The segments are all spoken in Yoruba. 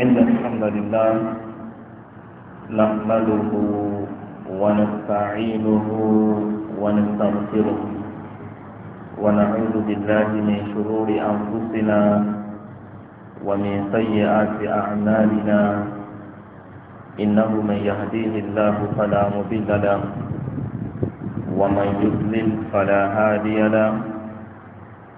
إن الحمد لله نحمده ونستعينه ونستغفره ونعوذ بالله من شرور أنفسنا ومن سيئات أعمالنا إنه من يهديه الله فلا مضل له ومن يضلل فلا هادي له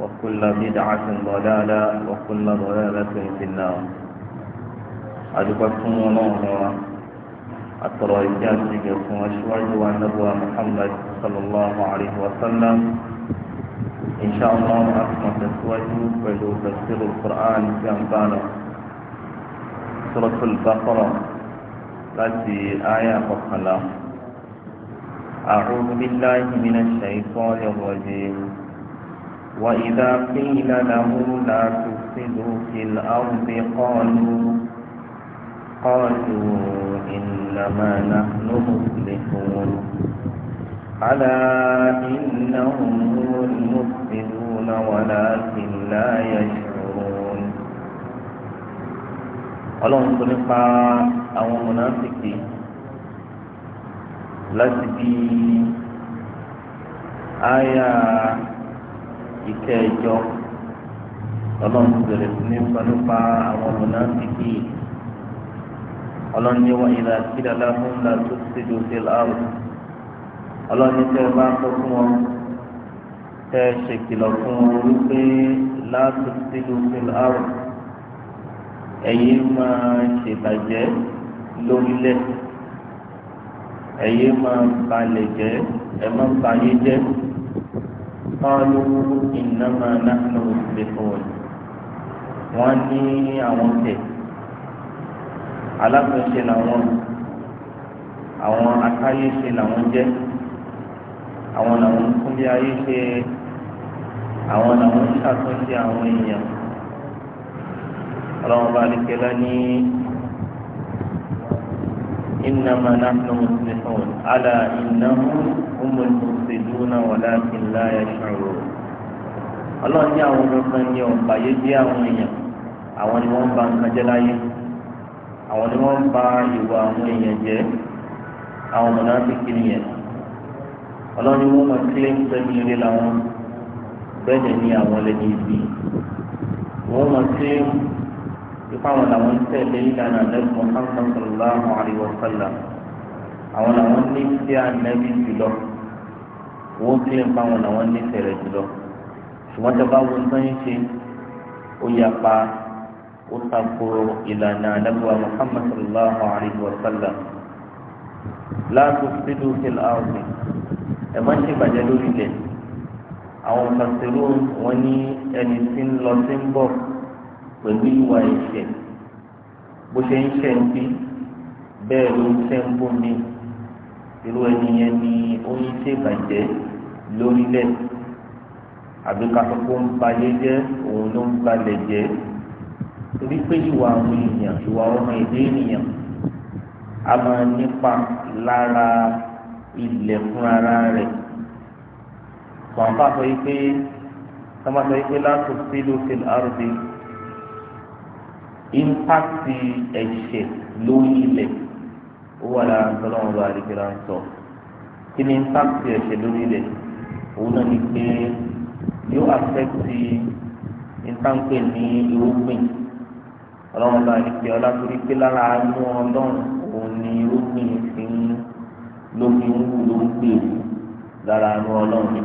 وكل بدعة ضلالة وكل ضلالة في النار أدبكم الله أترى إجازكم أشواج ونبوى محمد صلى الله عليه وسلم إن شاء الله أسمى تسواج ولو تفسير القرآن في أمكانه سورة البقرة التي آية وخلاف أعوذ بالله من الشيطان الرجيم وإذا قيل له لا تفسدوا في الأرض قالوا قالوا إنما نحن مصلحون ألا إنهم هم المفسدون ولكن لا يشعرون ọlọ́run tó nípa àwọn mọ̀nàfíkì láti bí ìkẹjọ ọlọ́run bẹ̀rẹ̀ sí ní nípa àwọn ọ̀nà fìkì ọlọ́run ní wọ́n ìlà kílẹ̀ lábọ́n là tó ti dò sí láàrú ọlọ́run ní tẹ́ ẹ bá sọ fún wọn tẹ́ ẹ ṣèkìlọ̀ fún wọn wípé láti ti dò sí láàrú ẹ̀yin máa ṣèbàjẹ́ lórílẹ̀ ẹ̀yin máa balẹ̀ jẹ́ ẹ máa bayé jẹ́. قالوا إنما نحن مسلمون wọ́n ní àwọn tẹ̀ alákòóse làwọn àwọn akáyése làwọn jẹ́ àwọn làwọn kúndé ayése àwọn làwọn ṣàtúnṣe àwọn èèyàn ọlọ́run bá lè kẹ́lá ní. إنما نحن مصلحون ألا إنهم هم المفسدون ولكن لا يشعرون الله ní àwọn ọmọ kan ní ọ̀pá yé jẹ́ àwọn èèyàn àwọn ni wọ́n ń ba nǹkan jẹ́ láyé àwọn ni wọ́n ń ba ìwà àwọn èèyàn jẹ́ àwọn ọmọ náà ti kí nìyẹn ọlọ́run ní wọ́n máa kílé ń pẹ́ ilé làwọn bẹ́ẹ̀ ni àwọn lẹ́ni ibi wọ́n máa kílé ń ìfáwọn làwọn ń tẹ̀lé ìlànà lẹ́nu Muhammad sallallahu alayhi wa sallam àwọn làwọn ní sí ànábì jùlọ wọ́n kílẹ̀ ń fáwọn làwọn ní tẹ̀lé jùlọ ṣùgbọ́n tí a bá wọn sọ́yìn ṣe ó yapa ó tako ìlànà ànábì wa Muhammad sallallahu alayhi wa sallam ẹ̀ má ṣe bàjẹ́ lórí àwọn kàṣírò wọn ní ẹni tí ń lọ sí ń bọ̀ pẹ̀lú ìwà ẹ̀ṣẹ̀ bó ṣe ń ṣe ń bí bẹ́ẹ̀ ló ń ṣe ń bó mi irú ẹni yẹn ni ó ń ṣe ìbàjẹ́ lórílẹ̀ àbí kakọ́kọ́ ń balẹ̀ jẹ́ òun ló ń balẹ̀ jẹ́ torí pé ìwà àwọn èèyàn ìwà ọmọ èdè ènìyàn a máa nípa lára ilẹ̀ fún ara rẹ̀ kò àbá sọ yìí pé sọ ma sọ yìí pé látòsí ló fi àrùbí ìmpáàkì ẹ̀ṣẹ̀ lórí ilẹ̀ ó wà lára ntọ́lọ́wọ́n bá àdìgbẹ́ra ń sọ kí ni ìmpáàkì ẹ̀ṣẹ̀ lórí ilẹ̀ òun náà ni pé yóò àfẹ́tì ìtànkè ní irúgbìn ọlọ́run bá àdìgbẹ́ ọlátúrí pé lára àánú ọlọ́run òun ni irúgbìn fi ń lómi ń wù ló ń gbè wù lára àánú ọlọ́run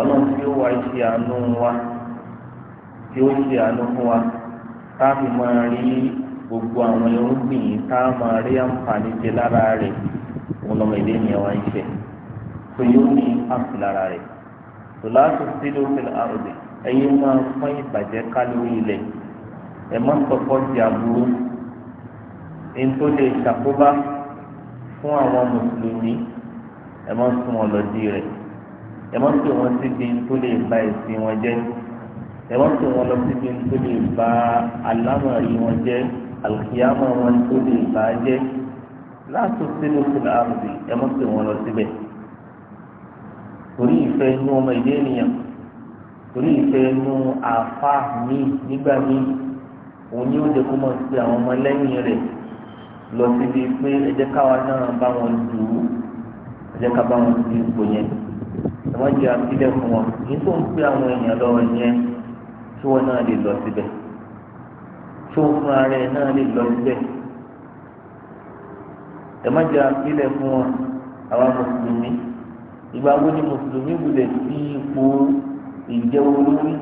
ọlọ́run tí ó wá ṣe àánú wa tí ó ṣe àánú fún wa tá a fi máa rí gbogbo àwọn irúgbìn yìí tá a máa rí àǹfààní jẹ lára rẹ̀ wọn lọ́mọ ilé ènìyàn wá ń ṣe tó yóò ní àpò lára rẹ̀ tó láti sílò fìlà àròdè ẹ̀yin máa fọ́n ìbàjẹ́ ká lórí ilẹ̀ ẹ̀ má sọ̀kọ́ di àbúrò ẹni tó lè ṣàkóbá fún àwọn mùsùlùmí ẹ̀ má sún wọn lọ di má sún wọn síbi tó lè ba ẹ̀sìn wọn jẹ́ ẹ̀wọ́n tó wọn lọ síbi tó lè ba alámọ̀rí wọn jẹ́ àlùkìyàmọ̀ wọn tó lè ba jẹ́ láti sínú sílẹ̀ àrùbí ẹ̀wọ́n tó wọn lọ síbẹ̀. torí ìfẹ́ inú ọmọ ìdí ènìyàn torí ìfẹ́ inú àfa mi nígbà mi òun ni ó lè kó mọ̀ sí àwọn ọmọ lẹ́yìn rẹ̀ lọ síbi pé ẹ jẹ́ káwa náà bá wọn dù ú ẹ jẹ́ ká bá wọn dù ipò yẹn ẹ̀wọ́n jẹ́ àfilẹ̀ fún wọn nítorí pé àwọn èèyàn lọ́wọ́ yẹn tí wọn náà lè lọ síbẹ̀ tó ń fún ara ẹ náà lè lọ síbẹ̀ ẹ má jẹ́ àpilẹ̀ fún wọn àwa mùsùlùmí ìgbà wo ni mùsùlùmí wulẹ̀ sí ipò ìjẹ́ olórí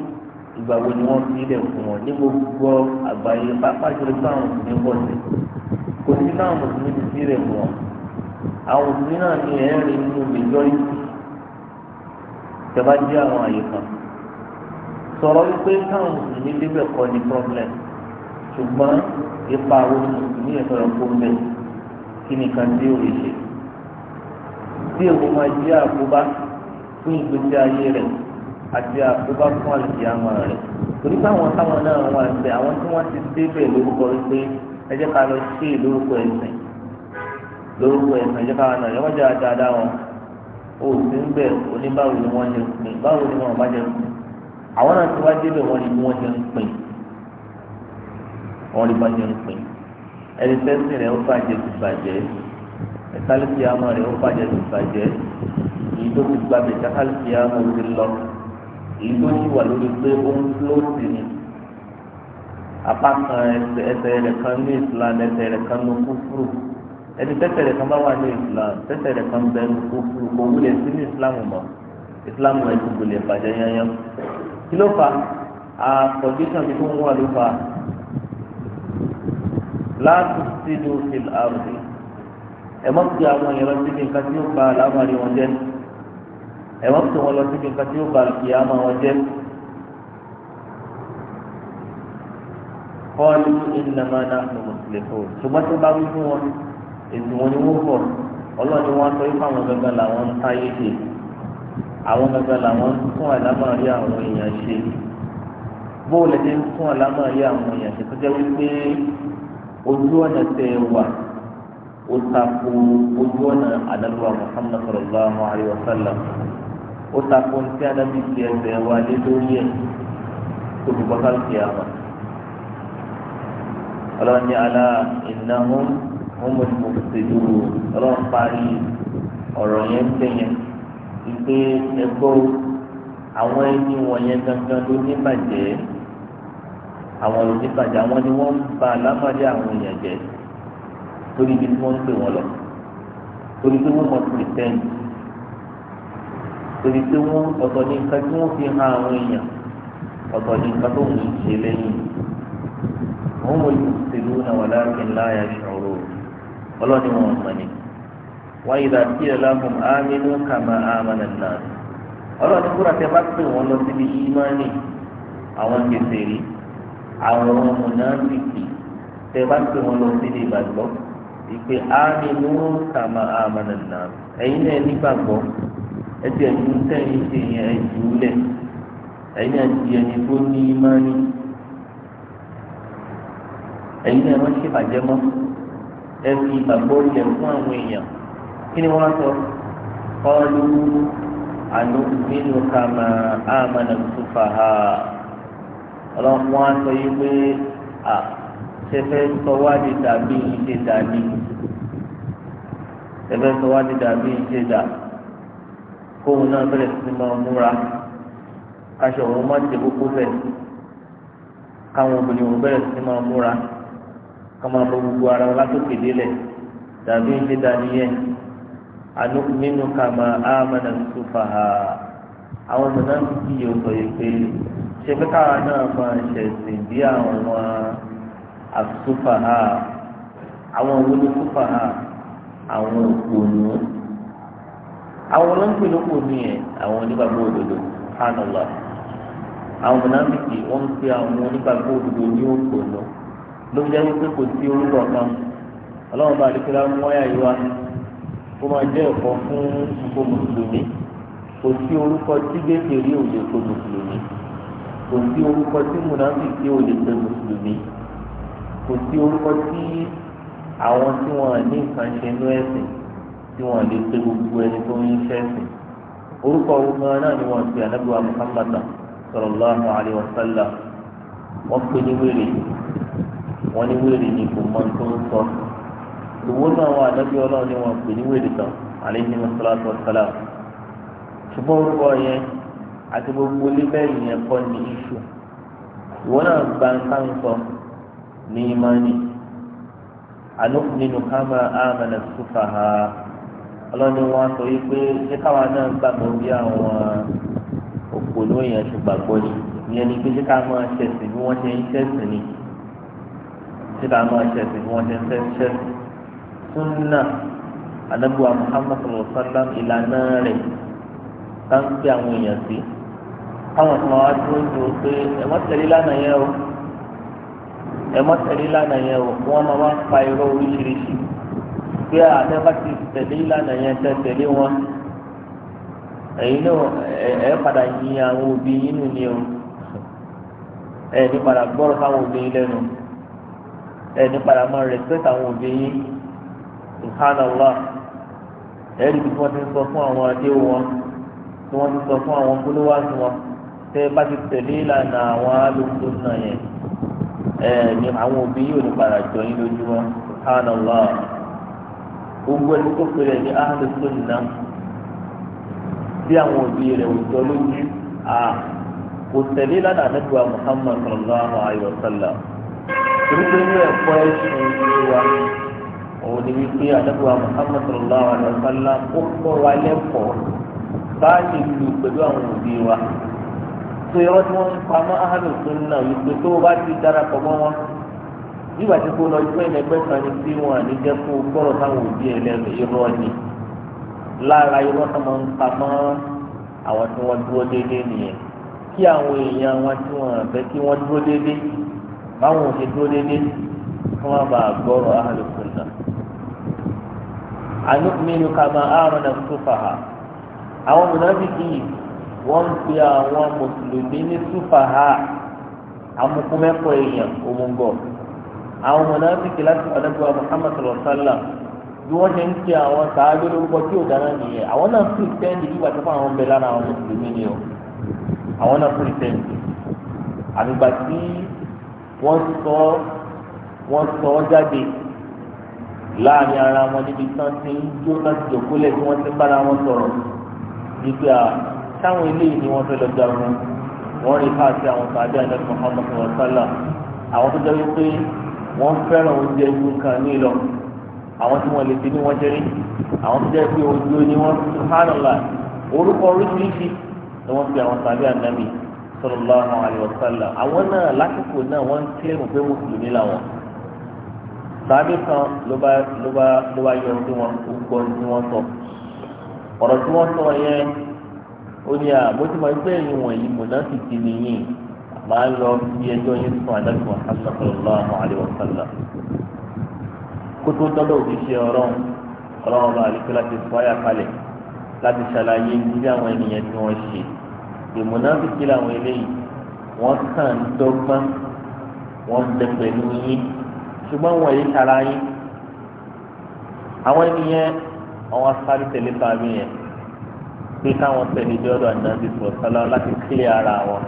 ìgbà wo ni wọ́n fi ilẹ̀ fún wọn ní gbogbo àgbáyé pápá ìjọba fún àwọn mùsùlùmí pọ̀ sí kò sí káwọn mùsùlùmí ti fi ilẹ̀ fún wọn àwọn mùsùlùmí náà ní ẹ̀rín nínú ìjọ yìí tẹ́ jẹ́ àwọn àyè kan sọ̀rọ̀ wípé káwọn mùsùlùmí débẹ̀ kọ́ ni problem ṣùgbọ́n ipa àwọn mùsùlùmí yẹn sọ̀rọ̀ kó mbẹ́ kí ni kan tí ò lè ṣe bí èwo máa jẹ́ àkóbá fún ìgbésí ayé rẹ̀ àti àkóbá fún àlùfíàmọ́ rẹ̀ torí báwọn táwọn náà wà ń bẹ àwọn tí wọ́n ti débẹ̀ lórúkọ wípé ẹ jẹ́ ká lọ ṣe lórúkọ ẹ̀sìn lórúkọ ẹ̀sìn ẹ jẹ́ ká lọ yọ̀wọ́n jẹ́ àdáadáa wọn òsì ń bẹ̀ oníbàwò ni wọ́n jẹ pé báwo ni wọ́n bá jẹ pé àwọn náà ti wá débẹ̀ wọ́n ní wọ́n ti ń pin wọ́n ní wọ́n ti ń pin ẹni tẹ́sí rẹ̀ ó bàjẹ́ ti bàjẹ́ ẹ̀kálíkì àmọ́ rẹ̀ ó bàjẹ́ ti bàjẹ́ èyí tó ti gbàgbẹ́ ẹ̀kálíkì àmọ́ ti lọ èyí tó ti wà lórí pé ó ń flóòtì ni apá kan ẹsẹ̀ rẹ̀ kan ní Islam ẹsẹ̀ rẹ̀ kan ní kúfúrú ẹni tẹ́sẹ̀ rẹ̀ kan bá wà ní Islam tẹ́sẹ̀ rẹ̀ kan bẹ́ẹ̀ ní kúfúrú kò wúlẹ̀ sí ní Islam mọ́ Islam rẹ̀ ti gbòlè kí ló fà á condition tí fún wọn ló fà á láti sídu fìlà àrùbí ẹ má fi àwọn èèyàn lọ síbi nǹkan tí ó ba àlámàrí wọn jẹ ẹ má fi wọn lọ síbi nǹkan tí ó ba àlùkìyàmà wọn jẹ. kọ́ọ̀lù ìnàmà náà ló mùsùlùmí ṣùgbọ́n tó bá wí fún wọn èsì wọn ni wọ́n bọ̀ ọlọ́ọ̀ni wọn sọ ipá wọn gangan làwọn ń táyé dè àwọn gbàgbà làwọn ń fún àlámọ̀rí àwọn èèyàn ṣe bóòlù ẹni ń fún àlámọ̀rí àwọn èèyàn ṣe tó jẹ́ wípé ojú ọ̀nà tẹ wà ó tako ojú ọ̀nà àdàlùwà Muhammad sallallahu alayhi wa sallam ó tako ní tí adábí ti ẹsẹ̀ wà lé lórí ẹ̀ tó fi bọ́ káàkiri àmà ọlọ́run ní alá ìnáwó ọmọdé mọ̀ọ́sẹ̀ dúró ọlọ́run parí ọ̀rọ̀ yẹn ń bẹ̀yẹn ìpè ẹgbọ́ àwọn ẹni wọ̀nyẹn gangan ló ní bàjẹ́ àwọn ló ní bàjẹ́ àwọn ni wọ́n ń ba alámọ̀dé àwọn èèyàn jẹ́ torí ibi tí wọ́n ń pè wọ́n lọ torí pé wọ́n mọ̀ pretend torí pé wọ́n ọ̀tọ̀ ní nǹkan tí wọ́n fi hàn àwọn èèyàn ọ̀tọ̀ ní nǹkan tó ń ṣe lẹ́yìn wọ́n mọ̀ ìlú ìlú náà wà láàrin láàyè àṣọ ọ̀rọ̀ ọlọ́ni wọn mọ̀ ni wọ́n yìí láti yẹ lákùn ámínú kàmá ámánà náà ọlọ́run kúrò àti ẹ̀fá pè wọ́n lọ síbi ìmánì àwọn kèfèrí àwọn mùnáfìkì tẹ bá pè wọ́n lọ síbi ìgbàgbọ́ ìpè ámínú kàmá ámánà náà ẹ̀yin náà nígbàgbọ́ ẹtì ẹ̀dùn tẹ̀yìn ṣe yẹn ẹ̀dùn lẹ̀ ẹ̀yin àti ẹni tó ní ìmánì ẹ̀yin náà wọ́n ṣèbàjẹ́ mọ́ ẹ kí ni wọ́n sọ kọ́ọ̀lù ànúmínú kàmá àmàna sùfàhà ọlọ́run wọn sọ yìí pé à ṣẹfẹ́ sọ wá di dàbí ìṣe dàbí ṣẹfẹ́ sọ wá di dàbí ìṣe dà kóun náà bẹ̀rẹ̀ sí máa múra kaṣọ òun má ti kókó bẹ̀ káwọn obìnrin òun bẹ̀rẹ̀ sí máa múra ká máa bọ gbogbo ara wọn látòkè délẹ̀ dàbí ìṣe dàbí yẹn. anúmínú kama amana sufaha àwọn mọ̀nà ti yóò sọ yìí pé ṣé pé káwa náà máa ṣẹ̀sìn bí àwọn asufaha àwọn wọlé sufaha awon òkùnú àwọn olóńgbò ló kù awon ẹ àwọn onígbàgbọ́ òdodo hánàlá àwọn mọ̀nàmìkì wọ́n ń pe àwọn onígbàgbọ́ òdodo ní òkùnú ló jẹ́ wípé kò sí orúkọ kan ọlọ́run bá àdìpẹ́lá mú wáyà yìí wá kó máa jẹ́ ẹ̀kọ́ fún gbogbo mùsùlùmí kò sí orúkọ tí gbèsèrè ò lè pe mùsùlùmí kò sí orúkọ tí mùnàfíìsì ò lè pe mùsùlùmí kò sí orúkọ tí àwọn tí wọn ní nǹkan ṣe ní ẹ̀sìn tí wọn lè pe gbogbo ẹni tó ń ṣẹ̀sìn orúkọ orúkọ náà ni wọn ti ànábìwá Muhammad sallallahu alayhi wa sallam wọn pe ní wèrè wọn ní wèrè ní kò mọ tó ń sọ ìwọ náà wà lọ́bí ọlọ́run ni wọ́n pè ní wèrè tán àlejò mọ́sálásí ọ̀sálà ṣùgbọ́n orúkọ yẹn àti gbogbo lébẹ́rì yẹn kọ́ ní iṣu ìwọ náà gba nǹkan sọ ní imáni ànúkùnínú kámà àmàlà sùfà ha ọlọ́ni wọn sọ yìí pé ṣé káwọn náà gbàgbọ́ bí àwọn òpònú yẹn ti gbàgbọ́ ni ìyẹn ni pé ṣé ká máa ṣẹ̀sìn bí wọ́n ṣe ń ṣẹ̀sìn ni ṣé ká máa ṣẹ̀sìn bí wọ́n ṣe ń ṣẹ̀sìn súnà anabuwa muhammad sallallahu alaihi wa ilana ìlànà rẹ̀ táǹkì àwọn èèyàn sí káwọn kan wá dúró ju pé ẹ má tẹ̀lé lánàá yẹn o ẹ má tẹ̀lé lánàá yẹn o wọ́n máa wá pa irọ́ oríṣiríṣi pé àtẹ́fà ti tẹ̀lé lánàá yẹn tẹ́ tẹ̀lé wọn ẹ̀yin náà ẹ padà yin àwọn òbí yín ni o ẹ̀ ní padà gbọ́rọ̀ sáwọn òbí lẹ́nu ẹ̀ ní padà máa rẹ̀ sẹ́sà àwọn òbí yín. subhanallah ẹ̀rí bí wọ́n ti sọ fún àwọn wọn tí wọ́n ti sọ fún àwọn wọn tẹ́ bá ti tẹ̀lé ìlànà àwọn alùpùpù náà yẹn ẹ̀ àwọn òbí yóò ní padà jọ yín lójú wọn subhanallah gbogbo ẹni tó ní bí àwọn òbí rẹ̀ ò jọ lójú à kò tẹ̀lé ìlànà sallallahu alayhi wa sallam ní ẹ̀kọ́ òun ni wípé àdàbò Muhammad sallallahu alaihi wa sallam ó kọ́ wa lẹ́kọ̀ọ́ báyìí lu pẹ̀lú àwọn òbí wa tó yọ tí wọ́n ń pamọ́ ahàlù tó ń nà wípé tó o bá ti darapọ̀ mọ́ wọn nígbà tí kò lọ ẹgbẹ́ ẹgbẹ́ kan ní tí wọn àní jẹ́ kó gbọ́rọ̀ táwọn òbí ẹ̀ lẹ́nu irọ́ ni lára irọ́ tó máa ń pamọ́ àwọn tí wọ́n dúró déédéé nìyẹn kí àwọn èèyàn wọn tí wọn àbẹ́ kí wọ́n dúró déédéé báwọn ò ṣe dúró déédéé kí wọ́n bá gbọ́rọ̀ ahàlù tó ń nà anúmínú kama àrùn àtúfàhà àwọn mùnàfíkì wọ́n fi àwọn mùsùlùmí ní túfàhà amukumẹ́kọ̀ èèyàn òmùgọ̀ àwọn mùnàfíkì láti ọ̀dọ́gba Muhammad sallallahu bí wọ́n ṣe ń ṣe àwọn sàájú lórúkọ tí ò dáná nìyẹn àwọn náà fún ìtẹ́ǹdì bí wàtí fún àwọn ọmọ lára àwọn mùsùlùmí ni o àwọn náà fún ìtẹ́ǹdì àgbègbà tí wọ́n sọ wọ́n sọ jáde láàrin ara wọn níbi tán ti ń jó láti jòkólẹ̀ tí wọ́n ti ń bára wọn sọ̀rọ̀ nígbà à táwọn eléyìí ni wọ́n fẹ́ lọ jagun wọ́n rí káàkiri àwọn sàdé àdàkùn Muhammad sallá àwọn tó jẹ́ wípé wọ́n fẹ́ràn oúnjẹ ju nǹkan ní lọ àwọn tí wọ́n lè fi ní wọ́n jẹ́rí àwọn tó jẹ́ pé ojú ni wọ́n subhanallah orúkọ oríṣiríṣi ni wọ́n fi àwọn sàbí ànábì sallallahu alaihi wasallam àwọn náà lásìkò náà wọ́n ń tàbí kan ló bá ló bá ló bá yọ ọdún wọn gbọ́ ní wọ́n sọ ọ̀rọ̀ tí wọ́n sọ yẹn ó ní àbójúmọ́ ẹgbẹ́ yìí wọ̀nyí mùnáfíkì nìyí máa ń lọ bí ẹjọ́ yín fún adájọ́ Muhammad sallallahu alayhi wa sallam kótó tọ́lọ́ òbí ṣe ọ̀rọ̀ ọ̀rọ̀ ọba àdìsí láti fọ́ àyà kalẹ̀ láti ṣàlàyé bí àwọn ènìyàn tí wọ́n ṣe ìmùnáfíkì làwọn eléyìí wọ́n kàn dọ́gbọ́n wọ́n dẹ pẹ̀lú yín ṣùgbọ́n wọ̀nyí tara yín àwọn ènìyàn àwọn asáré tẹ̀lé fàmí yẹn pé káwọn tẹ̀lé dé ọ̀dọ̀ ànábì sọ̀tàlá láti kílẹ̀ ara wọn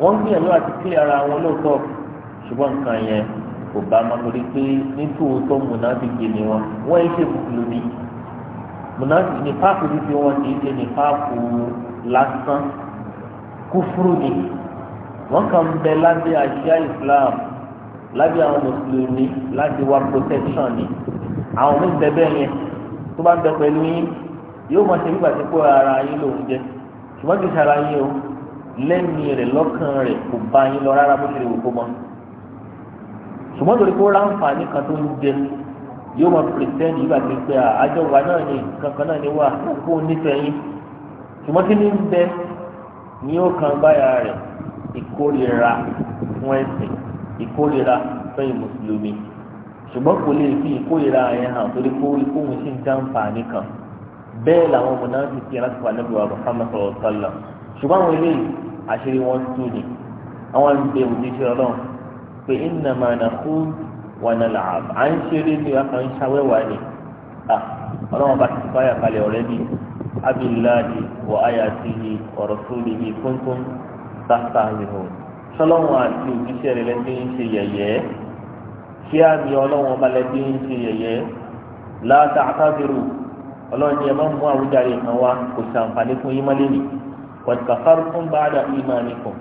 wọ́n ń gbìyànjú àti kílẹ̀ ara wọn lóòótọ́ ṣùgbọ́n nǹkan yẹn kò bá má torí pé nítòótọ́ mùnáfíkì ni wọn wọ́n ń ṣe mùsùlùmí mùnáfíkì ní páàkì títí wọn kì í ṣe ní páàkì lásán kúfúrú ni wọ́n kàn ń bẹ lábẹ́ àṣà ìsìláàmù lábẹ́ àwọn mùsùlùmí láti wá protection ni àwọn mi bẹ bẹ́ẹ̀ yẹn tó bá ń bẹ pẹ̀lú yín yóò máa ṣe nígbà tí kó ara yín lòún jẹ ṣùgbọ́n kì í ṣara yín o lẹ́mìí rẹ̀ lọ́kàn rẹ̀ kò bá yín lọ rárá bó ṣe lè wò kó mọ́ ṣùgbọ́n torí kó ráǹfààní kan tó ń jẹ yóò máa pretend nígbà tí pé àjọ wa náà ni kankan náà ni wà kó nífẹ̀ẹ́ yín ṣùgbọ́n kí ní bẹ ni ó kan báyà rẹ̀ ìkórìíra fún ẹ̀sìn ìkórira fẹ́yìn mùsùlùmí ṣùgbọ́n kò lè fi ìkórira yẹn hàn torí kó ikóhun sì ń jàǹfààní kan bẹ́ẹ̀ làwọn ọmọ náà ti fi aláṣẹ wà níbi wa Muhammad sọ̀rọ̀ sọ́lá ṣùgbọ́n àwọn eléyìí àṣírí wọn tú ni àwọn ń bẹ òjíṣẹ́ ọlọ́run pé iná máa nà kú wà nà à ń ṣeré ní ọkàn ń ṣàwẹ́wà ni ọlọ́run bá ti fi fáyà kalẹ̀ ọ̀rẹ́ bí abiláàdì wọ ayàtìlì ọ̀rọ̀ sólì ní kúntùn sáfà rìhùn sọlọ́wọ́n àti òjíṣẹ́ rẹ̀ lẹ́ni ń ṣe yẹ̀yẹ́ kí á ní ọlọ́wọ́n ọba lẹ́ni ń ṣe yẹ̀yẹ́ láta àtàbírù ọlọ́run ni ẹ máa ń mú àwùjáde kan wá kò sàǹfààní fún yín mọ́lẹ́ nì kọ̀tàkàfàrù fún báàdà ìmọ̀ nìkan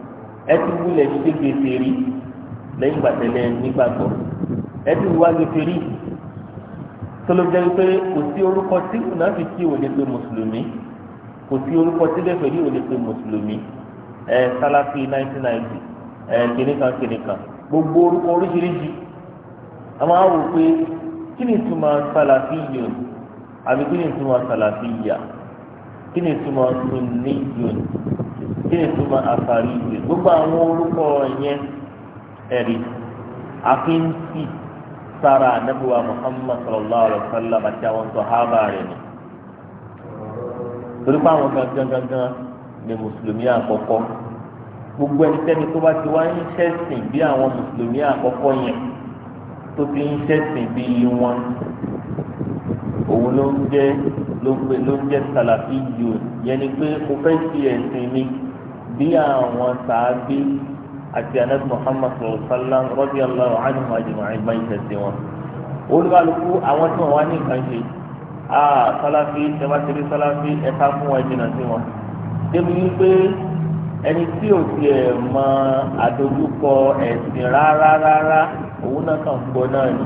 ẹ ti wúlẹ̀ ní gbèsè rí lẹ́yìn gbàtẹ́lẹ̀ nígbàgbọ́ ẹ ti wúwá gbèsè rí tọ́lọ́jẹ́ pé kò sí orúkọ tí mùnàfíkì ò lè pe mùsùlùmí kò sí orúkọ tí lẹ́fẹ̀ẹ́ rí ò lè pe mùsùlùmí ẹ sálàfí 1990 kìnìkan kìnìkan gbogbo orúkọ oríṣiríṣi àwọn á wò pé kí ni ìtumọ̀ sàlàfíyùn àbí kí ni ìtumọ̀ sàlàfíyà kí ni ìtumọ̀ sunniyùn kí ni ìtumọ̀ àfàríyùn gbogbo àwọn orúkọ yẹn ẹ̀rí àfíńtì sára anábíwá Muhammad sallallahu alayhi wa sallam àti àwọn sọ̀hábà rẹ̀ ni torí pé àwọn gangan gangan ni mùsùlùmí àkọ́kọ́. gbogbo ẹnikẹ́ni tó bá ti wá ń ṣẹ̀sìn bí àwọn mùsùlùmí àkọ́kọ́ yẹn tó ti ń ṣẹ̀sìn bí wọn òun ló ń jẹ́ ló ń jẹ́ sàlàfí jù yẹn ni pé mo fẹ́ fi ẹ̀sìn mi bí àwọn sàábí àti anabi muhammad sallam radiyallahu anhu ajma'in bá ń ṣẹ̀sìn wọn olùkàlùkù àwọn tí wọn wá ní nǹkan ṣe ah sàlàfí tẹ́wá tẹ́lẹ̀ sàlàfí ẹ̀ka fún wọn jìnnà sí wọn débi wípé ẹni tí ò tiẹ̀ mọ àdójúkọ ẹ̀sìn rárá rárá òun náà kàn gbọ́ náà ni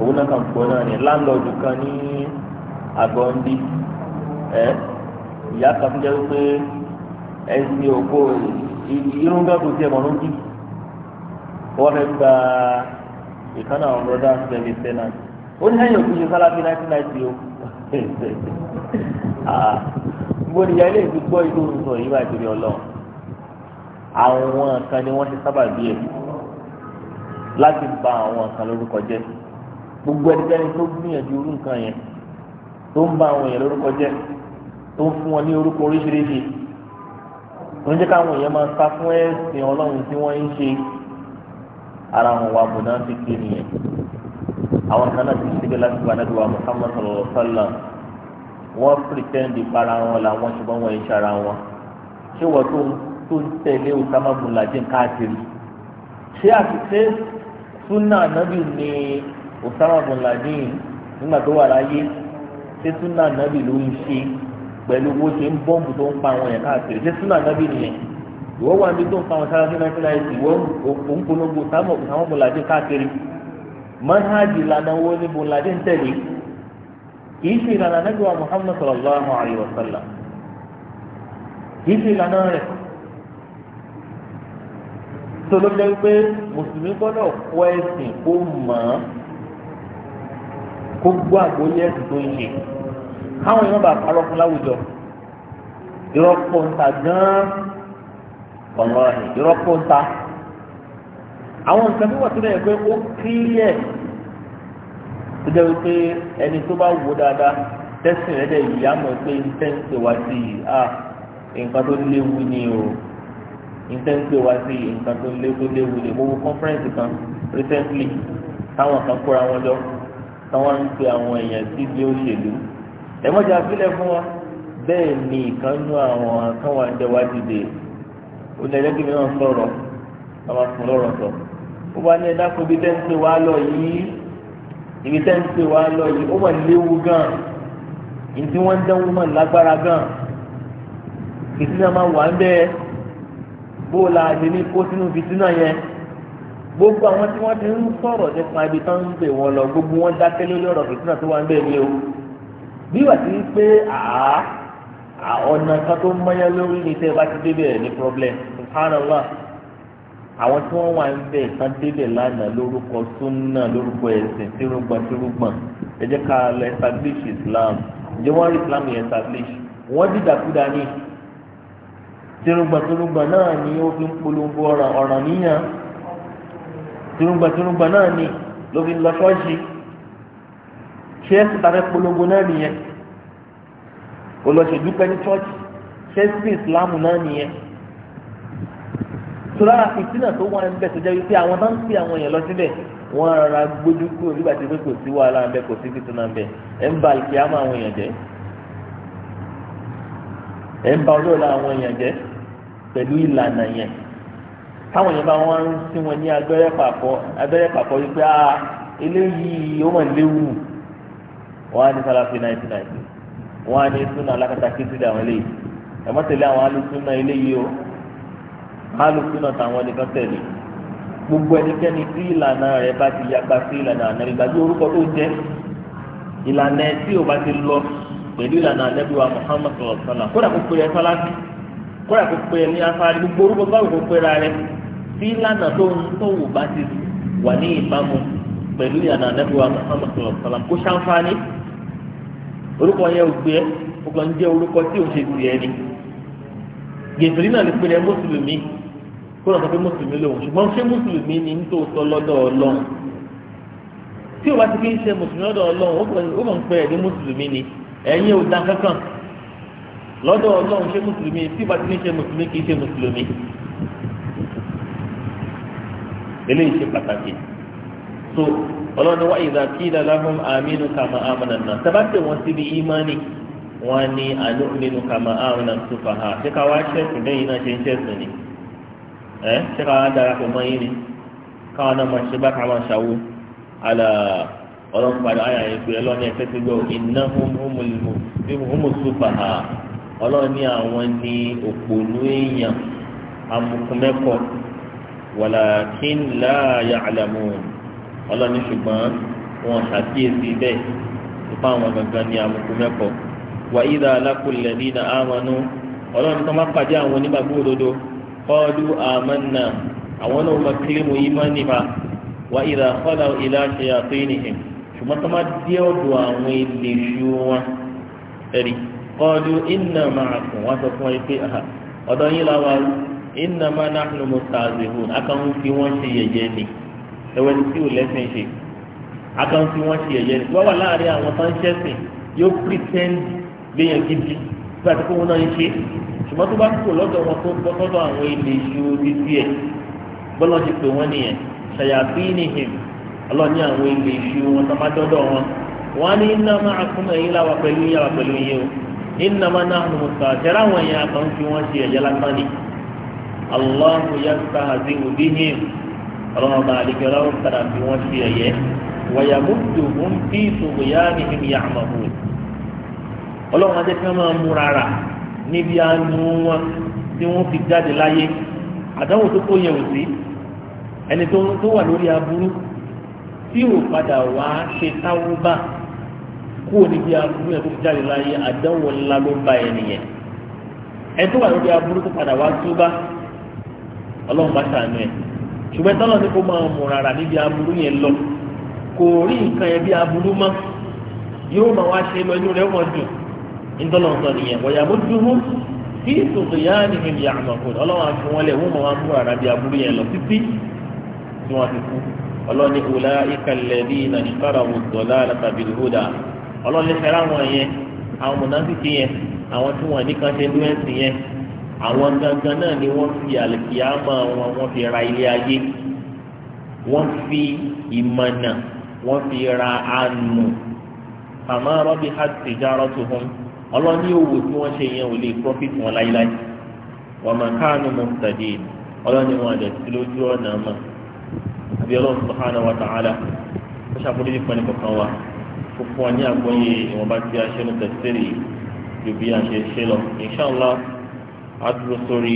òun náà kàn gbọ́ náà ni láńlọ́ọ̀dù kan ní àgọ́ndí ẹ ìyá kan jẹ́ pé ẹ̀sìn òkú irun gbàgbó tiẹ̀ mọ̀ ló dì wọ́n fẹ́ gba ìkànnà àwọn brọ́dá ṣẹlẹ̀ sẹ́nà ó ní ẹ̀yìn òkú ṣe sálábí náírà o. Ah gbogbo ìyá ilé ìlú gbọ́ ìlú òǹtọ̀ yìí wà ìdílé ọlọ́run àwọn kan ni wọ́n ti sábà bí ẹ̀ láti ba àwọn kan lórúkọ jẹ́ gbogbo ẹnikẹ́ni tó gbìyànjú irú nǹkan yẹn tó ń ba àwọn èèyàn lórúkọ jẹ́ tó ń fún wọn ní orúkọ oríṣiríṣi tó ń jẹ́ káwọn èèyàn máa sá fún ẹ̀sìn ọlọ́run tí wọ́n ń ṣe ara wọn wà bùnà ti ké nìyẹn àwọn kan náà ti ṣe bẹ́ẹ̀ láti wà náà ti sallallahu alaihi wa sallam wọ́n pìrìtẹ́ǹdì para wọn làwọn ṣùgbọ́n wọ́n ń ṣara wọn ṣé wọ́n tó tó ń tẹ̀lé Osama bin Laden káàkiri ṣé àtúnṣe súnà ànábì ni Osama bin Laden nígbà tó wà láyé ṣé súnà ànábì ló ń ṣe pẹ̀lú bó ṣe ń bọ́ǹbù tó ń pa àwọn yẹn káàkiri ṣé súnà ànábì nìyẹn ìwọ wà ní tó ń pa àwọn sára sí nineteen ninety ìwọ Osama bin Laden káàkiri manhajì lànà wo ni bin Laden tẹ̀lé kìí ṣe ìlànà anábìwá muhammad sallallahu alayhi wa sallam kìí ṣe ìlànà rẹ̀ tó ló jẹ́ pé mùsùlùmí gbọ́dọ̀ kọ́ ẹ̀sìn kó mọ̀ ọ́n kó gbọ́ àgbóyè ẹ̀sìn tó ń ṣe gan-an ọ̀nà ìrọ́pọ̀ ń ta àwọn nǹkan tó wà tó tó jẹ́ wípé ẹni tó bá wò dáadáa tẹ́sìn rẹ̀ dẹ̀ yìí á mọ̀ pé ìtẹ́ǹpẹ̀ wá sí i à nǹkan tó léwu ni o ìtẹ́ǹpẹ̀ wá sí i nǹkan tó léwu ni mo conference kan recently táwọn kan kóra wọn lọ táwọn ń pe àwọn èèyàn sí ilé òṣèlú ẹ̀mọ́jà sílẹ̀ fún wa bẹ́ẹ̀ ni ìkánú àwọn akáwọn àjẹwà dìde onídẹ́gbẹ́ mìíràn sọ̀rọ̀ àwọn afúnlọ́rọ̀ sọ ó wá ní ẹ̀dá kó bí wá lọ yìí ibi tẹ́ ń pè wá lọ yìí ó mà léwu gan ní tí wọ́n ń dánwó mà lágbára gan fìtínà máa wà ń bẹ́ẹ̀ bó la ṣe ní kó sínú fìtínà yẹn gbogbo àwọn tí wọ́n ti ń sọ̀rọ̀ nípa ibi tán ń pè wọ́n lọ gbogbo wọn dákẹ́ lórí ọ̀rọ̀ fìtínà tó wà ń bẹ́ẹ̀ ni o bí wà sí pé àá ọ̀nà kan tó mọ́yá lórí ni tẹ́ ẹ bá ti débẹ̀ ní problem subhanallah àwọn tí wọ́n wà ń bẹ̀ kan débẹ̀ lánàá lórúkọ súnà lórúkọ ẹ̀sìn tírúgbọ̀n tírúgbọ̀n ẹ jẹ́ ká lọ establish islam ǹjẹ́ wọ́n rí islam yẹn establish wọ́n dìdàkúdà ní tírúgbọ̀n tírúgbọ̀n náà ni ó fi ń polongo ọ̀ràn níyàn tírúgbọ̀n tírúgbọ̀n náà ni ló fi ń lọ ṣọ́ọ̀ṣì ṣẹ́ẹ̀sì tàbí polongo náà nìyẹn olùṣèdúpẹ́ ní ṣọ́ọ̀ṣì ṣẹ́ẹ̀sì islam náà nìyẹn tòlára fìtínà tó wà níbẹ̀ tó jẹ́ wípé àwọn náà ń pè àwọn èèyàn lọ síbẹ̀ wọ́n rárá gbójú kúrò nígbà tí kò sí wàhálà ńbẹ kò sí fìtínà ńbẹ ẹ̀ ń ba ìkè àmọ́ àwọn èèyàn jẹ́ ẹ̀ ń ba olóòlà àwọn èèyàn jẹ́ pẹ̀lú ìlànà yẹn táwọn èèyàn bá wọn ń sí wọn ní abẹ́rẹ́ pàpọ̀ abẹ́rẹ́ pàpọ̀ wípé a ah, eléyìí ó mọ̀ léwu wọ́n á ní sálàfì náìtì náìtì wọ́n á ní súnà alùpùpù náà táwọn ẹnìkan tẹ̀lé gbogbo ẹnikẹ́ni tí ìlànà rẹ̀ bá ti yapa sí ìlànà ànábì gbàgbé orúkọ tó jẹ́ ìlànà tí o bá ti lọ pẹ̀lú ìlànà ànábì wa Muhammad sallallahu alaihi wasallam kódà kó pè é sálásí kódà kó pè é ní afárí gbogbo orúkọ báwo kó pè ra rẹ̀ tí ìlànà tó ń tó wò bá ti wà ní ìbámu pẹ̀lú ìlànà ànábì wa Muhammad sallallahu alaihi wasallam kó ṣàǹfààní orúkọ yẹn ò gbé ó kàn jẹ́ orúkọ tí ò ṣe tiẹ̀ ni gèfèrí náà kó lọ́sọ̀ pé mùsùlùmí lòun ṣùgbọ́n ṣé mùsùlùmí ni ń tòótọ́ lọ́dọ̀ ọlọ́run tí o bá ti fi ń ṣe mùsùlùmí lọ́dọ̀ ọlọ́run ó mọ̀ ń pẹ́ ẹ̀dín mùsùlùmí ni ẹ̀yin ò da kankan lọ́dọ̀ ọlọ́run ṣé mùsùlùmí tí o bá ti fi ń ṣe mùsùlùmí kì í ṣe mùsùlùmí eléyìí ṣe pàtàkì so ọlọ́run wá ìdá kí ìdá láhùn àmínú kàmá àmàna wọ́n ní nínú kàmá tó fà á ṣé káwá ni. ẹ eh, ṣé káwọn darapọ̀ mọ́ yín ni káwọn náà máa ṣe bá káwọn ṣàwó àlà ọlọ́mùpadà ayà yẹn pé ẹlọ́ni ẹ̀fẹ́ ti gbọ́ iná humusufaha ọlọ́ni àwọn ni òpònú èèyàn amukumẹ́kọ̀ wàlàkín láàyà àlàmù ọlọ́ni ṣùgbọ́n wọn ṣàkíyèsí bẹ́ẹ̀ nípa àwọn gangan ni amukumẹ́kọ̀ wà ìdá alákùlẹ̀ ní ìdá àmọ́nú ọlọ́ni tó má pàdé àwọn onígbàgbọ́ òdodo kọ́ọ̀dù àmàna àwọn náà ma kílímù ìmánì fa wà ìdá kọ́lá ìlà ṣèyàtọ̀ ìnìyẹn ṣùgbọ́n tó má dé ọ̀dọ̀ àwọn ilé ṣú wọn ẹ̀rí kọ́ọ̀dù iná máa kùn wọ́n sọ fún ẹ pé ọ̀dọ̀ yín la wà iná máa náà ló mú tààzìhùn akáwọn fi wọ́n ṣe yẹ̀yẹ́ ni ẹ̀wẹ̀ tí ò lẹ́sìn ṣe akáwọn fi wọ́n ṣe yẹ̀yẹ́ ni wọ́n wà láàrin àwọn tó ń ṣẹ̀sìn yóò pírítẹ́ndì gbéyàn gidi gbàtí kó wọn náà ń ṣe ṣùgbọ́n tó bá kúrò lọ́dọ̀ wọn tó bọ́ sọ́dọ̀ àwọn ilé iṣu títí ẹ̀ bọ́lá ti pè wọ́n nìyẹn ṣàyàfíìnì hìm ọlọ́ọ̀ni àwọn ilé iṣu wọn tó má dọ́dọ̀ wọn wọn á ní iná máa kún ẹ̀yìn láwa pẹ̀lú yàrá pẹ̀lú yìí o iná máa náà nù sọ àṣẹrà wọn yẹn àtọ̀ ń fi wọ́n ṣe ẹ̀yẹ lásán ni Allahu yasta hazi òbí hìm ọlọ́wọ́n àlejò ọlọ́wọ́n padà fi wọ́n ṣe ẹ̀yẹ níbi àánú wọn tí wọ́n fi jáde láyé àdánwò tó kó yẹn ò sí ẹni tó wà lórí aburú tí ò padà wá ṣe táwúbà kúrò níbi aburú yẹn tó fi jáde láyé àdánwò ńlá ló ba ẹnìyẹn ẹni tó wà lórí aburú tó padà wá túbá ọlọ́run bá ṣàánú ẹ̀ ṣùgbọ́n tọ́lọ́ ní kó máa mú rárá níbi aburú yẹn lọ kò rí nǹkan yẹn bí aburú mọ́ yóò máa wá ṣe lọ inú rẹ̀ wọ́n dùn ńtọ́lọ́ sọ nìyẹn wọ́yà mo dúró kí tòtò yá ni mi lè àmọ̀ kò ọlọ́wọ́n á fi wọn lẹ̀ wọ́n mọ̀ wọn múra àràbí aburú yẹn lọ títí tí wọ́n ti kú ọlọ́ni ọ̀la ìkàlẹ̀bí nàìjíríà wò dọ̀là àtàbí ìhódà ọlọ́ni fẹ́ràn wọn yẹn àwọn mọ̀nàfíkì yẹn àwọn tí wọ́n nìkan ṣe ló ẹ̀sìn yẹn àwọn gangan náà ni wọ́n fi àlùkìyàmọ̀ wọn wọ́n fi ra ilé ayé wọ́n fi ìmọ̀nà wọ́n fi ra àánú àmọ́ rọ́bì hàtìjára tó hàn ọlọ́ni owó tí wọ́n ṣe yẹn ò lè profit wọn láíláí wọ́n máa káàánú mọ́tàdé ọlọ́ni wọn àdẹ̀ sí lójú ọ̀nà mọ́ àbí ọlọ́run subhanahu wa ta'ala ó ṣàkóso nípa ní kọ̀ọ̀kan wa kó fún wa ní àgbọ́yé ìwọ̀nba tí a ṣe ní tẹ̀sírì ju bí a ṣe ṣe lọ inṣàlá a dúró sórí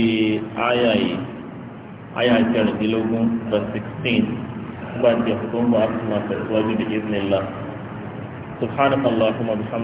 àyà yìí àyà ìjẹrìndínlógún verse sixteen nígbà tí a kò tó ń bọ̀ a tún máa tẹ̀síwájú bí ìdílé ńlá subhanahu wa ta'ala.